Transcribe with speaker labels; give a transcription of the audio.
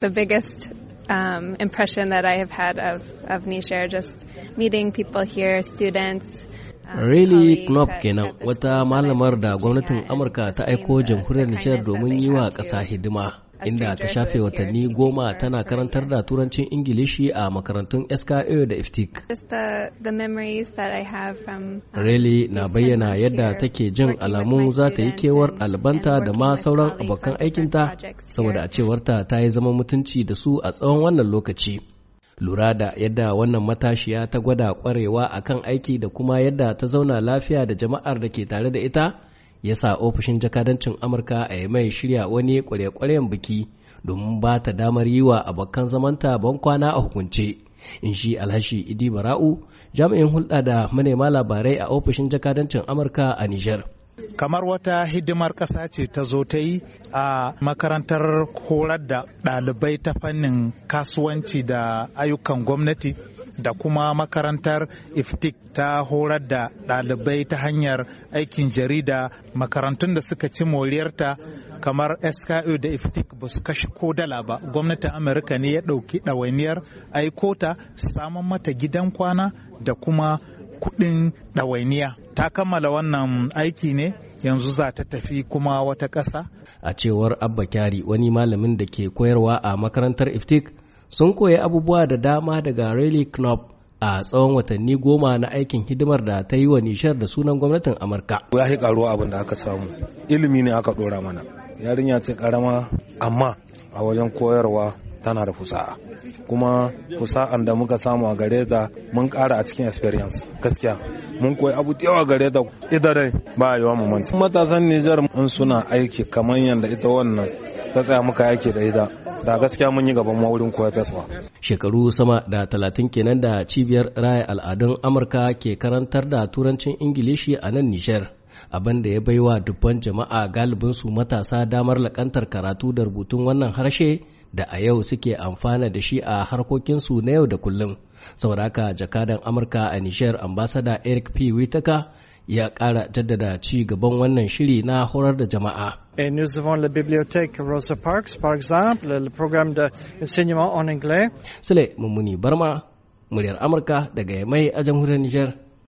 Speaker 1: The biggest um, impression that I have had of, of Nishare, just meeting people here, students,
Speaker 2: um, Really, Knopp kenan wata malamar da gwamnatin Amurka ta aiko jamhuriyar Nijar domin yi wa ƙasa hidima. inda ta shafe watanni goma tana karantar da turancin ingilishi a makarantun SKA da iftik. Um, reli na bayyana yadda take jin alamu za ta yi kewar albanta da ma sauran abokan aikinta saboda a cewarta ta yi zama mutunci da su a tsawon wannan lokaci. lura da yadda wannan matashiya ta gwada kwarewa akan aiki da kuma yadda ta zauna lafiya da jama'ar da ke tare da ita ya sa ofishin jakadancin amurka a mai shirya wani kware-kwaren biki domin ba ta damar yi wa abokan zamanta ban kwana a hukunce in shi alhashi idi bara'u jami'in hulɗa da manema labarai a ofishin jakadancin amurka a nijar kamar wata
Speaker 3: hidimar ƙasa ce ta zo ta yi a makarantar horar da ɗalibai ta fannin kasuwanci da ayyukan gwamnati da kuma makarantar iftik ta horar da ɗalibai ta hanyar aikin jarida makarantun da suka ci moriyarta kamar SKU da iftik ba su kashe ko dala ba gwamnatin amurka ne ya ɗauki ɗawainiyar aikota samun mata gidan kwana da kuma kuɗin ɗawainiya ta kammala wannan aiki ne yanzu za ta
Speaker 2: tafi kuma wata ƙasa. A cewar Abba Kyari wani malamin da ke koyarwa a makarantar Iftik sun koyi abubuwa da dama daga Rally Club a tsawon watanni goma na aikin hidimar da ta yi wa nishar da sunan gwamnatin Amurka.
Speaker 1: Ya shi karuwa abin da aka samu,
Speaker 2: ilimi ne aka ɗora mana. Yarinya ce karama amma a wajen koyarwa
Speaker 1: tana da fusa'a kuma fusa'an da muka samu a gare ta mun ƙara a cikin experience gaskiya mun koyi abu da yawa gare ta ita dai ba yi wa mamanci matasan Nijar in suna aiki kamar yadda ita wannan ta tsaya muka aiki da ita da gaskiya mun yi gaban maurin koyar taswa.
Speaker 2: Shekaru sama da talatin kenan da cibiyar raya al'adun Amurka ke karantar da turancin Ingilishi a nan Nijar. abin da ya baiwa dubban jama'a galibinsu matasa damar lakantar karatu da rubutun wannan harshe da a yau suke amfana da shi a harkokinsu na yau da kullum sauraka jakadan amurka a nishiyar ambasada eric p witaka ya kara jaddada ci gaban wannan shiri na horar da jama'a. a nous avons la bibliothèque Rosa Parks, par exemple, le programme enseignement en anglais. Sule Mummuni Barma, muryar Amurka daga Yamai a
Speaker 3: jamhuriyar Nijar.